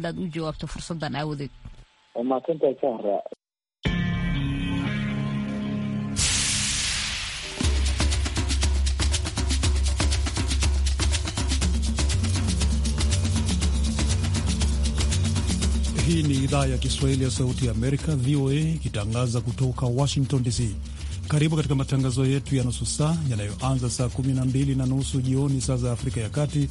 inaad u jawaabto fursadan aawadeed. Hii ni idhaa ya Kiswahili ya Sauti ya Amerika, VOA, ikitangaza kutoka Washington DC. Karibu katika matangazo yetu ya nusu saa yanayoanza saa 12 na nusu jioni saa za Afrika ya Kati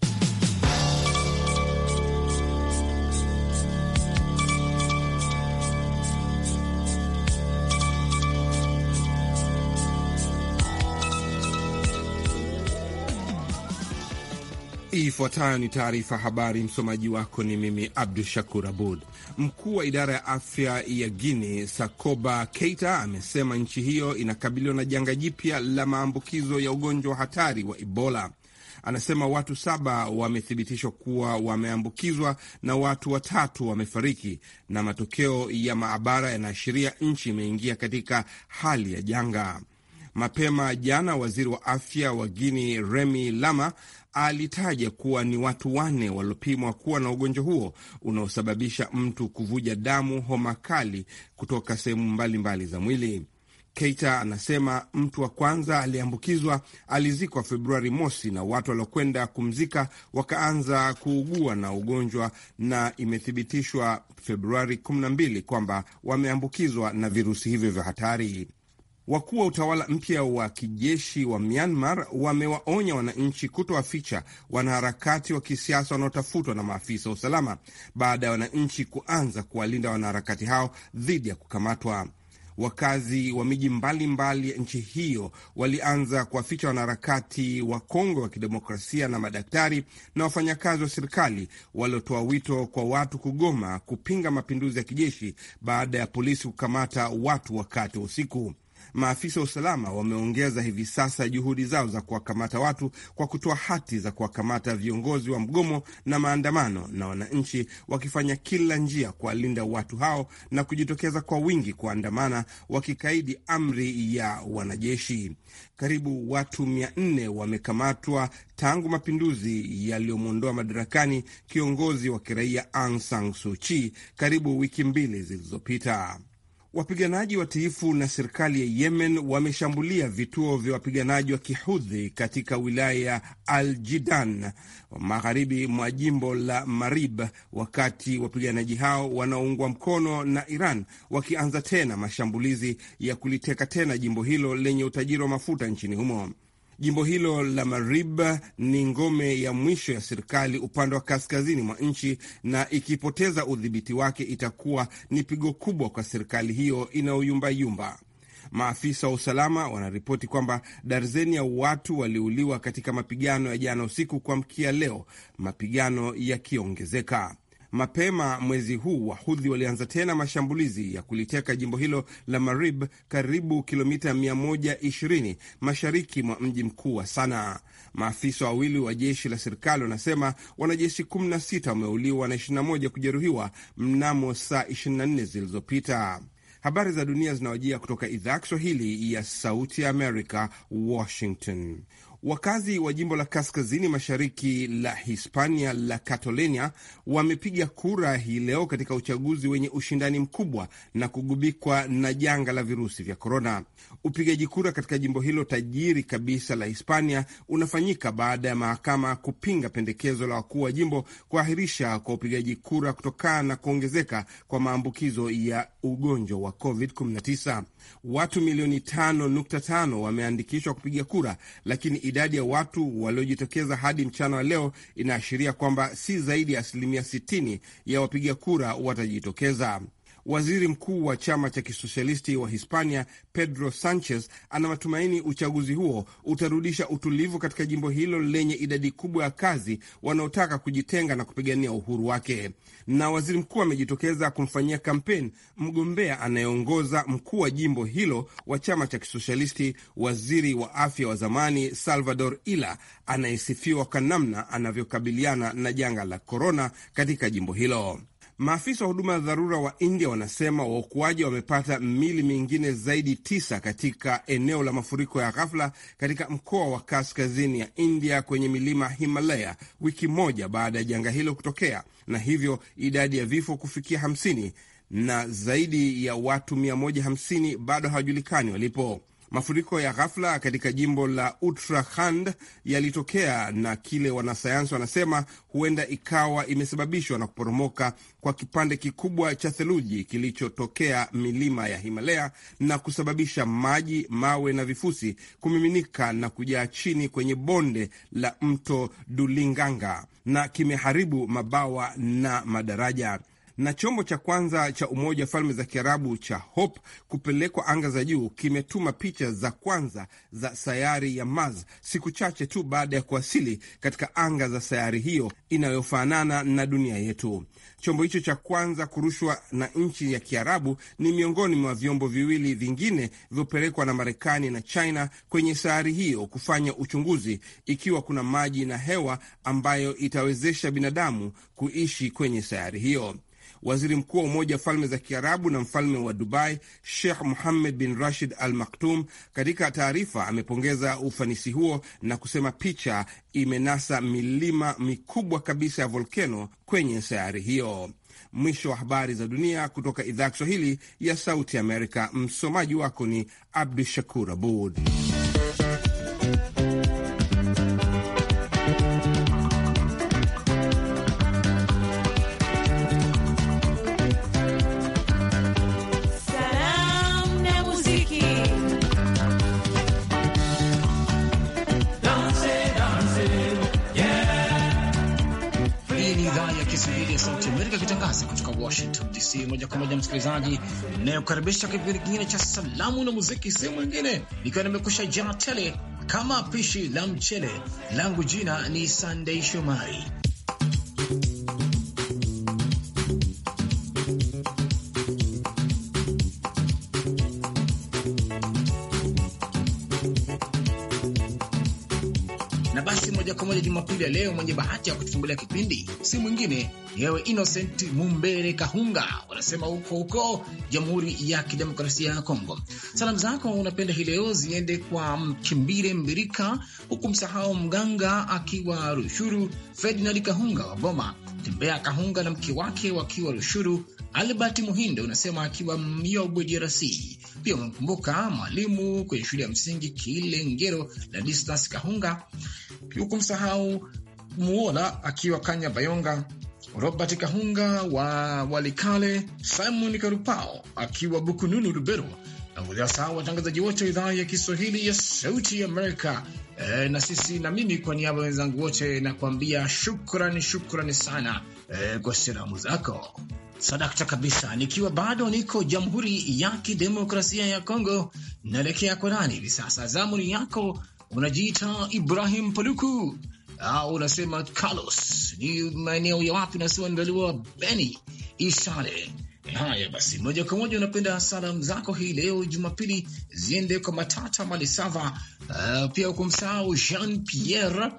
Ifuatayo ni taarifa habari. Msomaji wako ni mimi Abdu Shakur Abud. Mkuu wa idara ya afya ya Guini Sakoba Keita amesema nchi hiyo inakabiliwa na janga jipya la maambukizo ya ugonjwa wa hatari wa Ebola. Anasema watu saba wamethibitishwa kuwa wameambukizwa na watu watatu wamefariki, na matokeo ya maabara yanaashiria nchi imeingia katika hali ya janga. Mapema jana waziri wa afya wa Guini Remi Lama alitaja kuwa ni watu wanne waliopimwa kuwa na ugonjwa huo unaosababisha mtu kuvuja damu, homa kali kutoka sehemu mbalimbali za mwili. Keita anasema mtu wa kwanza aliyeambukizwa alizikwa Februari mosi na watu waliokwenda kumzika wakaanza kuugua na ugonjwa, na imethibitishwa Februari 12 kwamba wameambukizwa na virusi hivyo vya hatari. Wakuu wa utawala mpya wa kijeshi wa Myanmar wamewaonya wananchi kutowaficha wanaharakati wa kisiasa wanaotafutwa na maafisa wa usalama baada ya wananchi kuanza kuwalinda wanaharakati hao dhidi ya kukamatwa. Wakazi wa miji mbalimbali ya nchi hiyo walianza kuwaficha wanaharakati wa kongwe wa kidemokrasia na madaktari na wafanyakazi wa serikali waliotoa wito kwa watu kugoma kupinga mapinduzi ya kijeshi baada ya polisi kukamata watu wakati wa usiku. Maafisa wa usalama wameongeza hivi sasa juhudi zao za kuwakamata watu kwa kutoa hati za kuwakamata viongozi wa mgomo na maandamano, na wananchi wakifanya kila njia kuwalinda watu hao na kujitokeza kwa wingi kuandamana wakikaidi amri ya wanajeshi. Karibu watu mia nne wamekamatwa tangu mapinduzi yaliyomwondoa madarakani kiongozi wa kiraia Aung San Suu Kyi karibu wiki mbili zilizopita. Wapiganaji watiifu na serikali ya Yemen wameshambulia vituo vya wapiganaji wa kihudhi katika wilaya ya Al Jidan, magharibi mwa jimbo la Marib, wakati wapiganaji hao wanaoungwa mkono na Iran wakianza tena mashambulizi ya kuliteka tena jimbo hilo lenye utajiri wa mafuta nchini humo. Jimbo hilo la Marib ni ngome ya mwisho ya serikali upande wa kaskazini mwa nchi, na ikipoteza udhibiti wake itakuwa ni pigo kubwa kwa serikali hiyo inayoyumbayumba. Maafisa wa usalama wanaripoti kwamba darzeni ya watu waliuliwa katika mapigano ya jana usiku kuamkia leo, mapigano yakiongezeka. Mapema mwezi huu Wahudhi walianza tena mashambulizi ya kuliteka jimbo hilo la Marib, karibu kilomita 120 mashariki mwa mji mkuu wa Sanaa. Maafisa wawili wa jeshi la serikali wanasema wanajeshi 16 wameuliwa na 21 kujeruhiwa mnamo saa 24 zilizopita. Habari za dunia zinawajia kutoka idhaa ya Kiswahili ya Sauti ya Amerika, Washington. Wakazi wa jimbo la kaskazini mashariki la Hispania la Catalonia wamepiga kura hii leo katika uchaguzi wenye ushindani mkubwa na kugubikwa na janga la virusi vya korona. Upigaji kura katika jimbo hilo tajiri kabisa la Hispania unafanyika baada ya mahakama kupinga pendekezo la wakuu wa jimbo kuahirisha kwa upigaji kura kutokana na kuongezeka kwa maambukizo ya ugonjwa wa COVID-19. Watu milioni 5.5 wameandikishwa kupiga kura lakini idadi ya watu waliojitokeza hadi mchana wa leo inaashiria kwamba si zaidi ya asilimia 60 ya wapiga kura watajitokeza. Waziri mkuu wa chama cha kisosialisti wa Hispania Pedro Sanchez ana matumaini uchaguzi huo utarudisha utulivu katika jimbo hilo lenye idadi kubwa ya kazi wanaotaka kujitenga na kupigania uhuru wake. Na waziri mkuu amejitokeza kumfanyia kampeni mgombea anayeongoza mkuu wa jimbo hilo wa chama cha kisosialisti, waziri wa afya wa zamani Salvador Illa anayesifiwa kwa namna anavyokabiliana na janga la korona katika jimbo hilo. Maafisa wa huduma ya dharura wa India wanasema waokoaji wamepata mili mingine zaidi tisa katika eneo la mafuriko ya ghafla katika mkoa wa kaskazini ya India kwenye milima Himalaya, wiki moja baada ya janga hilo kutokea, na hivyo idadi ya vifo kufikia hamsini na zaidi ya watu 150 bado hawajulikani walipo. Mafuriko ya ghafla katika jimbo la Uttarakhand yalitokea na kile wanasayansi wanasema huenda ikawa imesababishwa na kuporomoka kwa kipande kikubwa cha theluji kilichotokea milima ya Himalaya na kusababisha maji, mawe na vifusi kumiminika na kujaa chini kwenye bonde la mto Dulinganga na kimeharibu mabawa na madaraja na chombo cha kwanza cha Umoja wa Falme za Kiarabu cha Hope kupelekwa anga za juu kimetuma picha za kwanza za sayari ya Mars siku chache tu baada ya kuwasili katika anga za sayari hiyo inayofanana na dunia yetu. Chombo hicho cha kwanza kurushwa na nchi ya Kiarabu ni miongoni mwa vyombo viwili vingine vilivyopelekwa na Marekani na China kwenye sayari hiyo kufanya uchunguzi ikiwa kuna maji na hewa ambayo itawezesha binadamu kuishi kwenye sayari hiyo waziri mkuu wa Umoja wa Falme za Kiarabu na mfalme wa Dubai Sheikh Muhammed bin Rashid Al Maktum. Katika taarifa amepongeza ufanisi huo na kusema picha imenasa milima mikubwa kabisa ya volkeno kwenye sayari hiyo. Mwisho wa habari za dunia kutoka idhaa ya Kiswahili ya Sauti Amerika. Msomaji wako ni Abdu Shakur Abud. Washington DC moja kwa moja, msikilizaji inayokaribisha kipindi kingine cha salamu na muziki, sehemu nyingine nikiwa nimekusha jaa tele kama pishi la mchele langu. Jina ni Sunday Shomari Jumapili ya leo mwenye bahati ya kutufungulia kipindi si mwingine ni wewe Innocent Mumbere Kahunga, wanasema huko huko Jamhuri ya Kidemokrasia ya Kongo. Salamu zako unapenda hii leo ziende kwa Mkimbire Mbirika, huku msahau Mganga akiwa Rushuru, Ferdinand Kahunga wa Goma, Tembea Kahunga na mke wake wakiwa Rushuru, Albert Muhindo unasema akiwa Miogwe, DRC. Pia umemkumbuka mwalimu kwenye shule ya msingi Kilengero la Distas Kahunga, hukumsahau Muola akiwa Kanya Bayonga, Robert Kahunga wa Walikale, Simon Karupao akiwa Bukununu Lubero, na uliwasahau watangazaji wote wa idhaa ya Kiswahili ya Sauti ya Amerika. E, na sisi na mimi kwa niaba ya wenzangu wote nakuambia shukrani, shukrani sana e, kwa salamu zako. Sadakta kabisa. Nikiwa bado niko Jamhuri ya Kidemokrasia ya Kongo, naelekea kwa nani hivi sasa? ni yako unajiita Ibrahim Paluku au unasema Carlos, ni maeneo ya wapi? Nasema nizaliwa Beni Isale Haya basi, moja kwa moja unapenda salamu zako hii leo Jumapili ziende kwa Matata Malisava. Uh, pia ukumsahau Jean Pierre uh,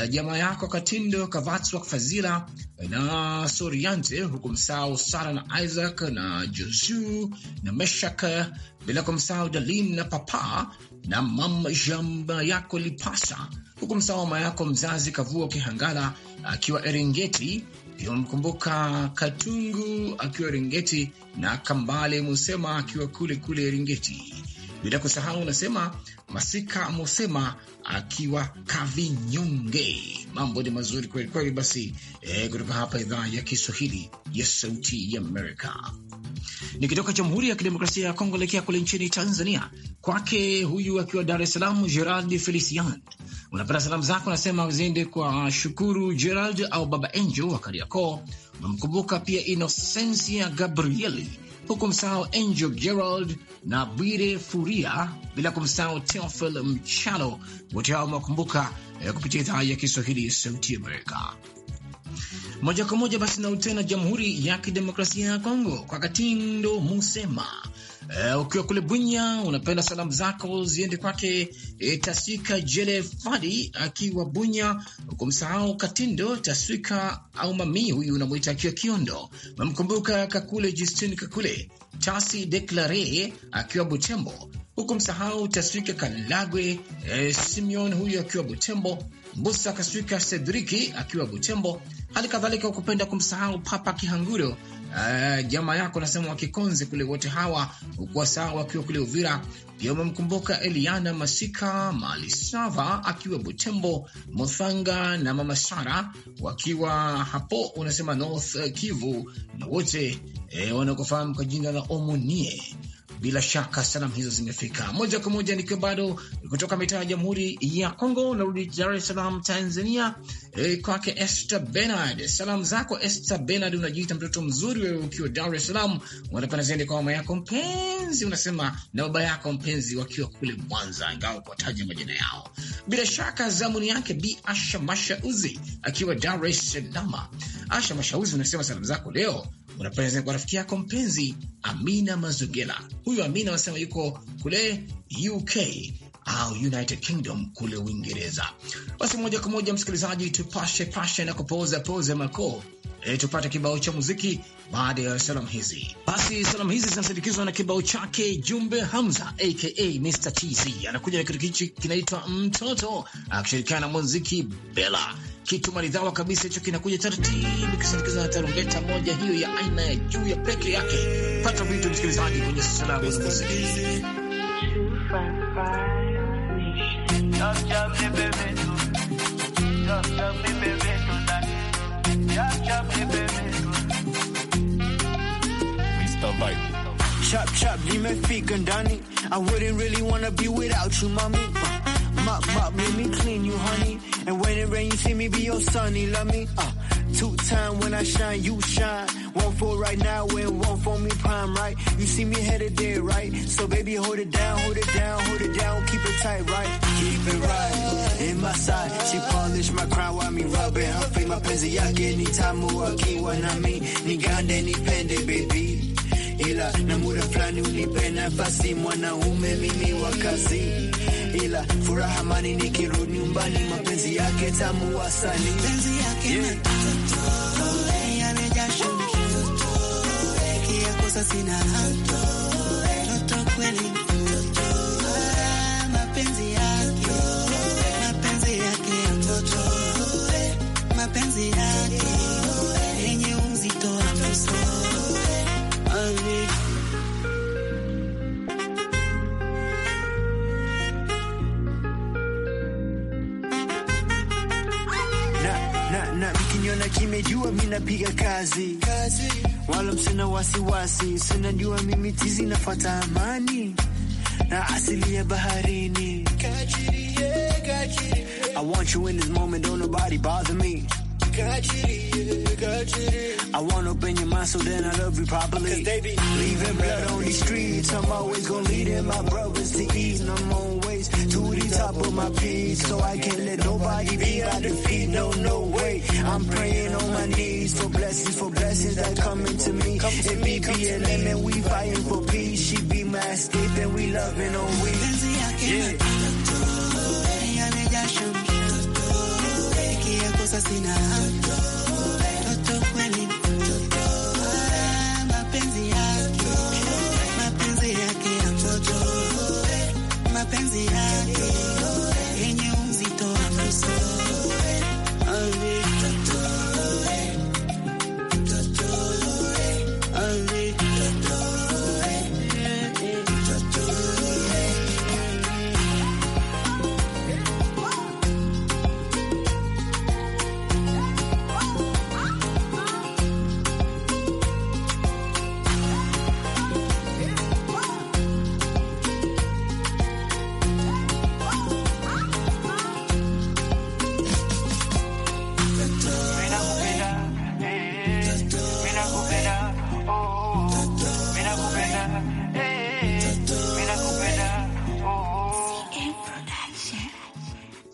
eh, jamaa yako Katindo Kavatswa Fazila eh, na Soriante, hukumsahau Sara na Isaac na Josu na meshak bila kumsahau Dalin na Papa na mama jamba yako Lipasa huku msamaha mama yako mzazi Kavua Kihangala akiwa Erengeti, pia Katungu akiwa Erengeti na Kambale Musema akiwa kule kule Erengeti. Bila kusahau unasema Masika Mosema akiwa Kavinyonge. Mambo ni mazuri kweli kweli. Basi e, kutoka hapa idhaa ya Kiswahili ya Sauti ya Amerika, nikitoka Jamhuri ya Kidemokrasia ya Kongo elekea kule nchini Tanzania, kwake huyu akiwa Dar es Salaam, Gerald Felician, unapata salamu zako unasema ziende kwa Shukuru Gerald au Baba Angel wa Kariakoo. Unamkumbuka pia Inosensia Gabrieli, huku msahau Angel Gerald na Bwire Furia, bila kumsahau Teofil Mchalo. Wote hao mwakumbuka eh, kupitia idhaa ya Kiswahili ya Sauti Amerika. Moja kwa moja basi na utena Jamhuri ya Kidemokrasia ya Kongo kwa Katindo Musema Uh, ukiwa kule Bunya unapenda salamu zako ziende kwake e, Taswika Jele Fadi akiwa Bunya, kumsahau Katindo Taswika au Mami, huyu unamwita akiwa Kiondo, namkumbuka Kakule Justin Kakule Tasi Deklare akiwa Butembo, huku msahau Taswika Kalagwe e, Simeon huyu akiwa Butembo, Mbusa Kaswika Sedriki akiwa Butembo, hali kadhalika ukupenda kumsahau Papa Kihanguro uh, jamaa yako nasema wakikonze kule, wote hawa ukuwa sawa wakiwa kule Uvira. Pia umemkumbuka Eliana Masika Malisava akiwa Butembo, Mothanga na Mama Sara wakiwa hapo, unasema North Kivu, na wote eh, wanakofahamu kwa jina la Omonie bila shaka salamu hizo zimefika moja kwa moja, nikiwa bado kutoka mitaa ya Jamhuri ya Kongo, narudi Dar es Salaam Tanzania, e, kwake Esther Bernard. Salamu zako Esther Bernard, unajiita mtoto mzuri wewe, ukiwa Dar es Salaam, unapenda zaidi kwa mama yako mpenzi, unasema na baba yako mpenzi, wakiwa kule Mwanza, ingawa kuwataja majina yao. Bila shaka zamuni yake Bi Asha Mashauzi akiwa Dar es Salaam. Asha Mashauzi, unasema salamu zako leo unapendeza kwa rafiki yako mpenzi Amina Mazugela. Huyu Amina anasema yuko kule UK au United Kingdom kule Uingereza. Basi moja kwa moja, msikilizaji, tupashe pashe na kupoza poze mako E, tupate kibao cha muziki baada ya salamu hizi. Basi salamu hizi zinasindikizwa na kibao chake Jumbe Hamza aka Mr Cheesy, anakuja na kitu kichi kinaitwa mtoto akishirikiana na muziki Bella kitu maridhawa kabisa hicho, kinakuja taratibu kisindikiza na tarumbeta moja hiyo ya aina ya juu ya peke yake. Pata vitu msikilizaji, kwenye salamu na muziki. Chop chop, nimefika ndani. I wouldn't really wanna be without you, mommy. Mop mop, let me clean you, honey and when it rains, you see me be your son, he love me. Uh, two time when I shine, you shine. One for right now and one for me prime, right? You see me headed there, right? So baby, hold it down, hold it down, hold it down, keep it tight, right? Keep it right, in my side. She polished my crown while me rubbing her feet. My penzi yake ni tamu akiwa na mi. ni pende baby. Ila na muda fulani unipe nafasi, mwanaume mimi wakasi. kila furaha mani nikiru nyumbani mapenzi yake tamu wasani yeah. Eh, kazi, kazi, wala msina wasiwasi, sinajua mimi tizi nafata amani na asili ya baharini. Kachirie, kachirie. I want you in this moment, don't nobody bother me. I want to open your mind so then I love you properly. they be leaving blood on these streets. I'm always gonna lead in my brothers to eat. And I'm on top of my feet, so I can't let nobody be out feet. No, no way. I'm praying on my knees for blessings, for blessings that come into me. It me be and we fighting for peace. She be my escape and we loving on we. yeah.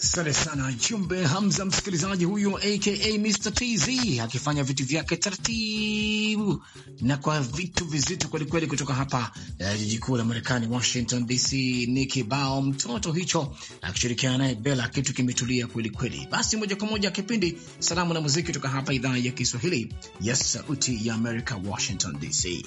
Asante sana Jumbe Hamza, msikilizaji huyu aka Mr TZ akifanya vitu vyake taratibu karibu na kwa vitu vizito kwelikweli kutoka hapa eh, jiji kuu la Marekani, Washington DC. Ni kibao mtoto hicho akishirikiana naye Bela, kitu kimetulia kwelikweli. Basi moja kwa moja kipindi Salamu na Muziki kutoka hapa idhaa ya Kiswahili ya Sauti ya Amerika, Washington DC.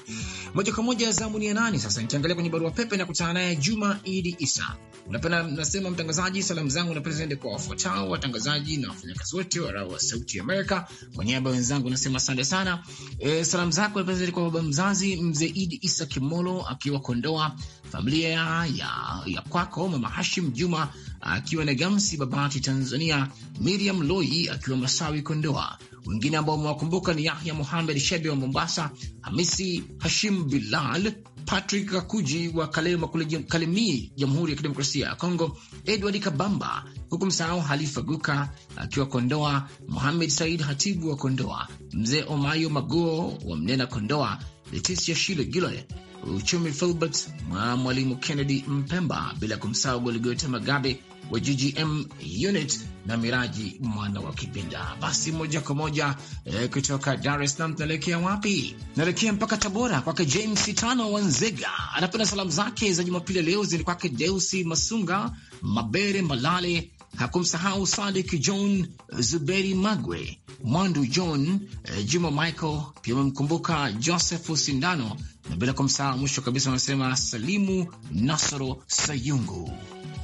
Moja kwa moja zamu ni ya nani sasa? Nikiangalia kwenye barua pepe na kutana naye Juma Idi Isa. Unapenda nasema, mtangazaji, salamu zangu napenda ziende kwa wafuatao watangazaji na wafanyakazi wote wa Sauti ya Amerika. Kwa niaba ya wenzangu nasema asante sana e, salamu zako napeza kwa baba mzazi mzee Idi Isa Kimolo akiwa Kondoa, familia ya, ya kwako mama Hashim Juma akiwa na Gamsi Babati Tanzania, Miriam Loi akiwa Masawi Kondoa. Wengine ambao umewakumbuka ni Yahya Muhamed Shebe wa Mombasa, Hamisi Hashim Bilal, Patrick Kakuji wa Kalema kule Kalemie, Jamhuri ya Kidemokrasia ya Kongo, Edward Kabamba huku msahau Halifa Guka akiwa Kondoa, Muhamed Said Hatibu wa Kondoa, mzee Omayo Maguo wa Mnena Kondoa, Leticia Shile Gilole uchumi Filbert mwa mwalimu Kennedy Mpemba, bila kumsahau Goligota Magabe wa GGM unit na Miraji mwana wa Kipinda. Basi moja kwa moja eh, kutoka Dar es Salaam tunaelekea wapi? Tunaelekea mpaka Tabora kwake James Tano Wanzega, anapenda salamu zake za Jumapili leo zini kwake Deusi Masunga Mabere Malale hakumsahau Sadik John, Zuberi Magwe, Mwandu John, eh, Juma Michael, pia amemkumbuka Joseph Sindano na bila kumsahau, mwisho kabisa wanasema Salimu Nasoro Sayungu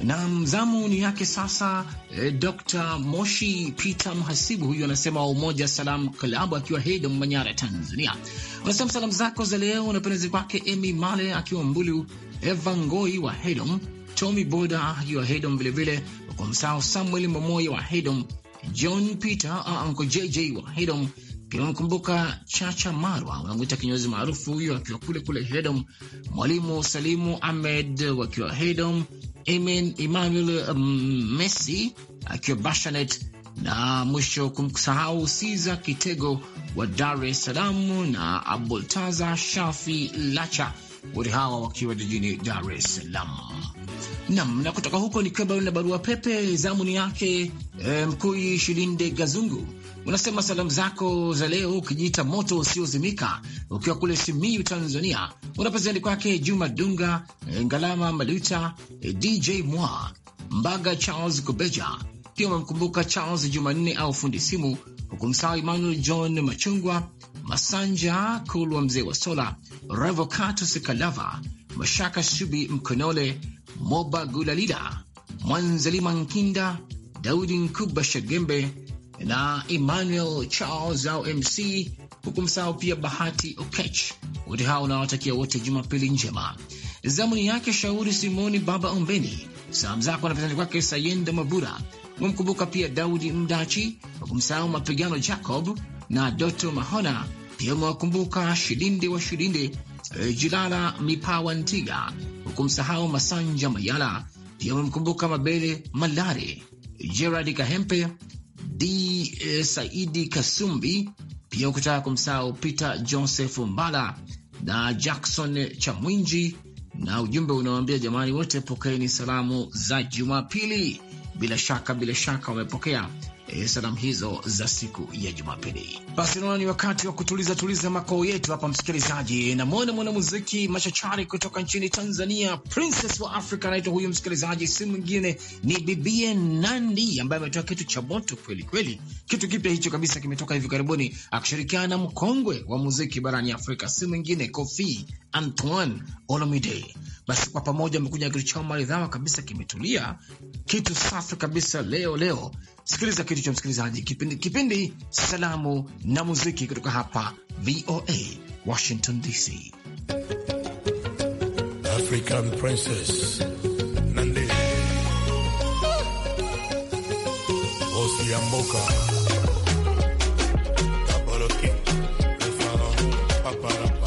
na mzamu ni yake sasa. E, eh, Dr Moshi Peter Mhasibu huyu anasema wa Umoja Salam Klabu akiwa Hedom, Manyara, Tanzania, anasema salamu zako za leo napendezi kwake Emi Male akiwa Mbulu, evangoi wa Hedom, Tommy Boda akiwa Hedom vilevile msao Samuel momoya wa Hedom, John Peter anko JJ wa Hedom, pia wamkumbuka Chacha Marwa wanamwita kinyozi maarufu huyo akiwa kule kule Hedom, Mwalimu Salimu Ahmed wakiwa Hedom, Amen Emmanuel um, Messi akiwa Bashanet na mwisho kumsahau Siza Kitego wa Dar es Salaam na Abultaza Shafi Lacha wote hawa wakiwa jijini Dar es Salaam. Nam na kutoka huko ni kwamba na barua pepe zamuni yake e, Mkui Shilinde Gazungu unasema salamu zako za leo ukijiita moto usiozimika ukiwa kule Simiyu, Tanzania, unapezendi kwake Juma Dunga, e, Ngalama Maluta, e, eh, DJ Mwa Mbaga, Charles Kubeja, pia umemkumbuka Charles Jumanne au fundi simu hukumsaa Emmanuel John Machungwa Masanja Kulwa, mzee wa Sola Revocatus Kalava, Mashaka subi Mkonole, Moba Gulalila, Mwanzalima Nkinda, Daudi Nkuba Shagembe na Emmanuel Charles au MC, huku msahau pia Bahati Okech. Wote hao unawatakia wote Jumapili njema. Zamuni yake Shauri Simoni Baba Ombeni, salamu zako napitani kwake Sayenda Mabura, umemkumbuka pia Daudi Mdachi, hukumsahau Mapigano Jacob na Doto Mahona pia umewakumbuka Shilinde wa Shilinde, eh, Jilala Mipawa Ntiga, huku msahau Masanja Mayala. Pia amemkumbuka Mabele Malare, Gerard Kahempe, D eh, Saidi Kasumbi. Pia ukutaka kumsahau Peter Joseph Mbala na Jackson Chamwinji, na ujumbe unawaambia jamani, wote pokeeni salamu za Jumapili. Bila shaka bila shaka wamepokea Eh, salamu hizo za siku ya Jumapili. Basi naona ni wakati wa kutuliza tuliza makao yetu hapa, msikilizaji. Namwona mwanamuziki machachari kutoka nchini Tanzania, princess wa africa anaitwa huyu msikilizaji, si mwingine ni bibie Nandi ambaye ametoa kitu cha moto kweli kweli, kitu kipya hicho kabisa, kimetoka hivi karibuni akishirikiana na mkongwe wa muziki barani Afrika, si mwingine Kofi Antoine Olomide. Basi kwa pamoja amekuja kitu chao maridhawa kabisa, kimetulia, kitu safi kabisa, leo leo sikiliza kitu cha msikilizaji. Kipindi kipindi salamu na muziki kutoka hapa VOA Washington DC. African Princess Nandi Papa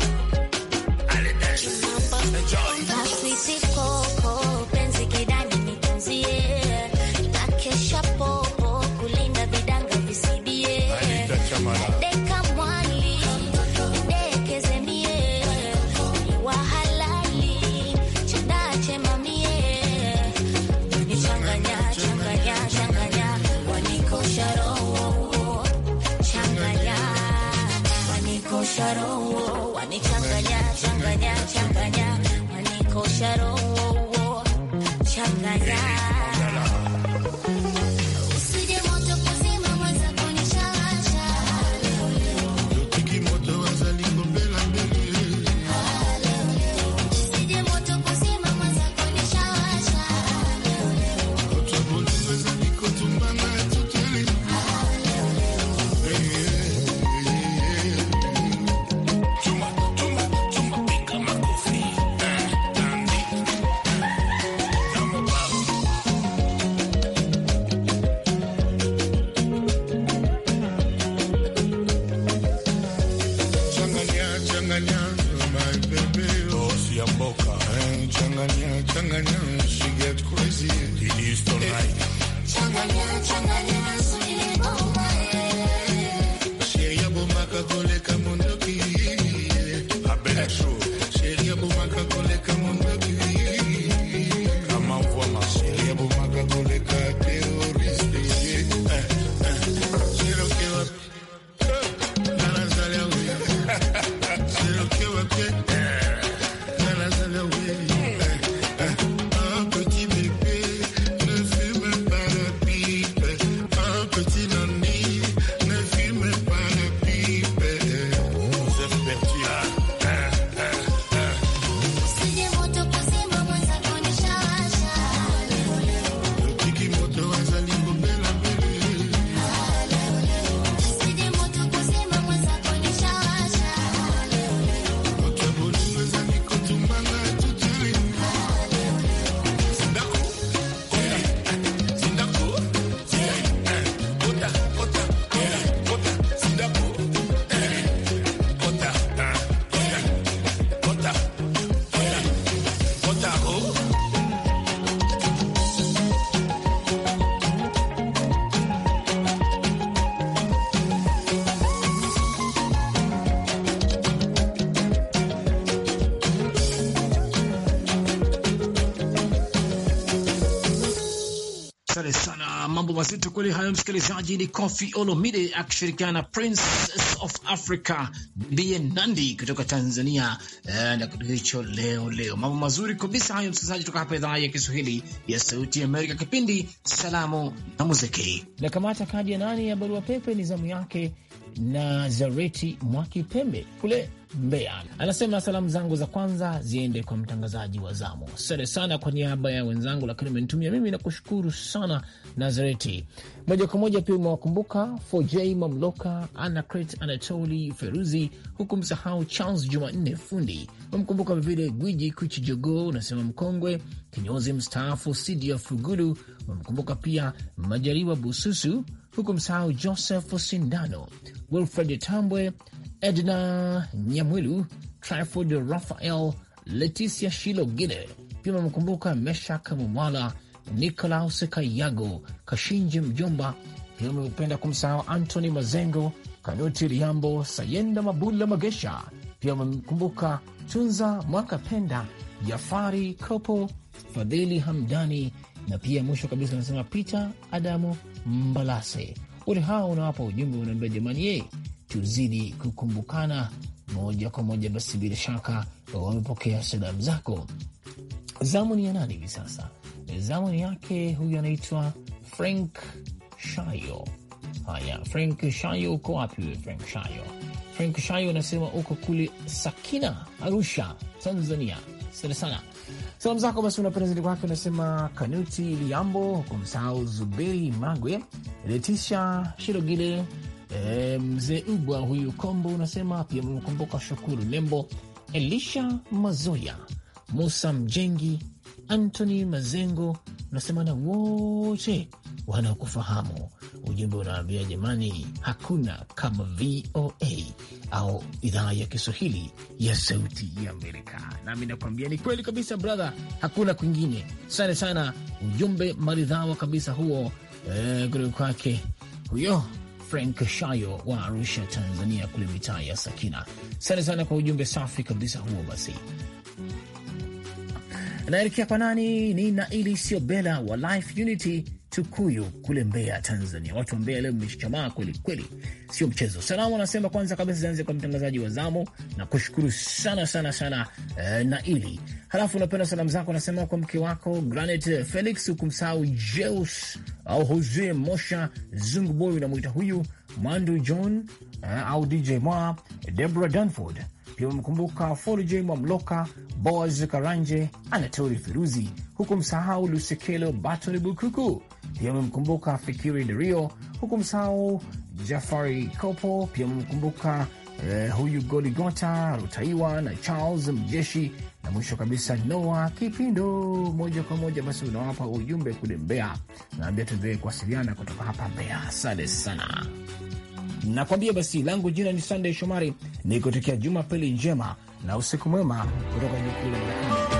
Asante sana, mambo mazito kweli hayo, msikilizaji. Ni Kofi Olomide akishirikiana na Princess of Africa Bibie Nandi kutoka Tanzania eh, na kitu hicho leo leo. Mambo mazuri kabisa hayo, msikilizaji, kutoka hapa idhaa ya Kiswahili ya Sauti Amerika, kipindi Salamu na Muziki. Na kamata kadi ya nani ya barua pepe, ni zamu yake na zareti Mwakipembe kule Mbeya. Anasema salamu zangu za kwanza ziende kwa mtangazaji wa zamu, asante sana kwa niaba ya wenzangu, lakini umenitumia mimi, nakushukuru sana Nazareti. Moja kwa moja pia umewakumbuka Foj Mamloka, Anacret Anatoli Feruzi, huku msahau Charles Jumanne Fundi, umemkumbuka vile Gwiji Kuchi jogo, unasema mkongwe kinyozi mstaafu Sidia Fugulu, umemkumbuka pia majariwa Bususu, huku msahau Joseph Sindano Wilfred Tambwe, Edna Nyamwilu, Tryford Raphael, Leticia Shilogile, pia amemkumbuka Meshak Mumwala, Nikolaus Kayago, Kashinje Mjomba, pia amependa kumsahau Antony Mazengo, kanuti Liambo, Sayenda Mabula Magesha, pia amemkumbuka Tunza mwaka penda Jafari Kopo, Fadhili Hamdani na pia mwisho kabisa anasema Peter Adamu Mbalase ule hawa unawapa ujumbe, unaambia jamani, ye eh, tuzidi kukumbukana moja kwa moja. Basi bila shaka wamepokea salamu zako. Zamu ni ya nani hivi sasa? Zamu ni yake huyu, anaitwa Frank Shayo. Haya, Frank Shayo, uko wapi wewe Frank Shayo? Frank Shayo anasema uko kule Sakina, Arusha, Tanzania. sana, sana. Salamu zako basi unapenda zaidi kwake, unasema Kanuti Liambo, kwa msahau Zuberi Magwe, Letisha Shirogile, e, mzee ubwa huyu Kombo, unasema pia mekumbuka Shukuru Lembo, Elisha Mazoya, Musa Mjengi, Antony Mazengo na wote wanaokufahamu. Ujumbe unaambia jamani, hakuna kama VOA au idhaa ya Kiswahili ya Sauti ya Amerika. Nami nakuambia ni kweli kabisa, bradha, hakuna kwingine. sante sana, ujumbe maridhawa kabisa huo eh, kutoka kwake huyo Frank Shayo wa Arusha, Tanzania, kule mitaa ya Sakina. sante sana kwa ujumbe safi kabisa huo. Basi anaelekea kwa nani? Ni Naili Siobela wa Life Unity Tukuyu kule Mbeya, Tanzania. Watu wa Mbeya leo mmeshamaa kweli kweli, sio mchezo. Salamu anasema kwanza kabisa zianze kwa mtangazaji wa zamu na kushukuru sana sana sana eh, Naili. Halafu unapenda salamu zako anasema kwa mke wako Granit Felix, hukumsahau Jeus au Jose Mosha Zunguboy, unamwita huyu mandu John eh, au DJ Mwa Debra Danford limemkumbuka Forje Mwamloka, Boaz Karanje, Anatoli Feruzi, huku msahau Lusekelo Batoni Bukuku. Pia amemkumbuka Fikiri Dario, huku msahau Jafari Kopo. Pia amemkumbuka eh, huyu Goligota Rutaiwa na Charles Mjeshi, na mwisho kabisa Noa Kipindo. Moja kwa moja basi unawapa ujumbe kule Mbeya, naambia tuendelee kuwasiliana kutoka hapa Mbeya. Asante sana. Nakwambia basi, langu jina ni Sunday Shomari, nikutokea juma pili njema na usiku mwema kutoka jikuu la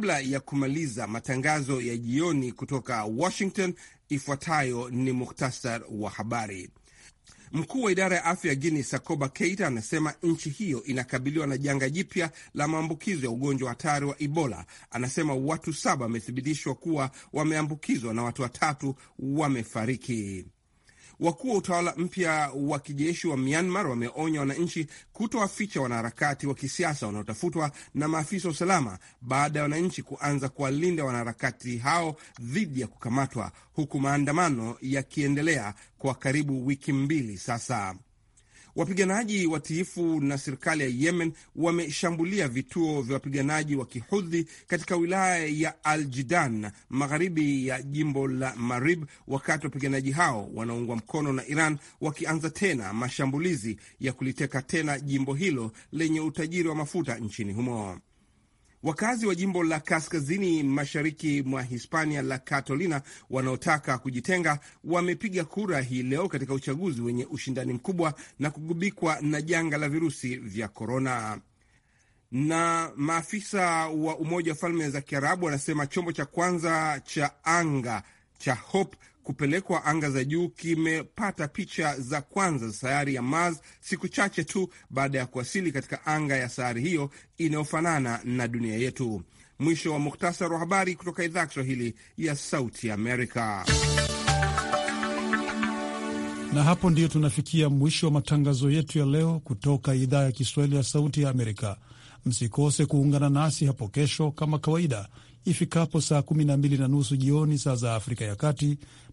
Kabla ya kumaliza matangazo ya jioni kutoka Washington, ifuatayo ni muhtasar wa habari. Mkuu wa idara ya afya ya Guini Sakoba Keita anasema nchi hiyo inakabiliwa na janga jipya la maambukizo ya ugonjwa hatari wa Ebola. Anasema watu saba wamethibitishwa kuwa wameambukizwa na watu watatu wamefariki. Wakuu wa utawala mpya wa kijeshi wa Myanmar wameonya wananchi kutowaficha wanaharakati wa kisiasa wanaotafutwa na maafisa wa usalama baada ya wananchi kuanza kuwalinda wanaharakati hao dhidi ya kukamatwa, huku maandamano yakiendelea kwa karibu wiki mbili sasa. Wapiganaji watiifu na serikali ya Yemen wameshambulia vituo vya wapiganaji wa kihudhi katika wilaya ya Al Jidan magharibi ya jimbo la Marib, wakati wapiganaji hao wanaungwa mkono na Iran wakianza tena mashambulizi ya kuliteka tena jimbo hilo lenye utajiri wa mafuta nchini humo. Wakazi wa jimbo la kaskazini mashariki mwa Hispania la Catalina wanaotaka kujitenga wamepiga kura hii leo katika uchaguzi wenye ushindani mkubwa na kugubikwa na janga la virusi vya korona. Na maafisa wa Umoja wa Falme za Kiarabu wanasema chombo cha kwanza cha anga cha Hope kupelekwa anga za juu kimepata picha za kwanza za sayari ya Mars siku chache tu baada ya kuwasili katika anga ya sayari hiyo inayofanana na dunia yetu. Mwisho wa muktasari wa habari kutoka idhaa ya Kiswahili ya Sauti Amerika. Na hapo ndiyo tunafikia mwisho wa matangazo yetu ya leo kutoka idhaa ya Kiswahili ya Sauti ya Amerika. Msikose kuungana nasi hapo kesho kama kawaida ifikapo saa 12 na nusu jioni saa za Afrika ya Kati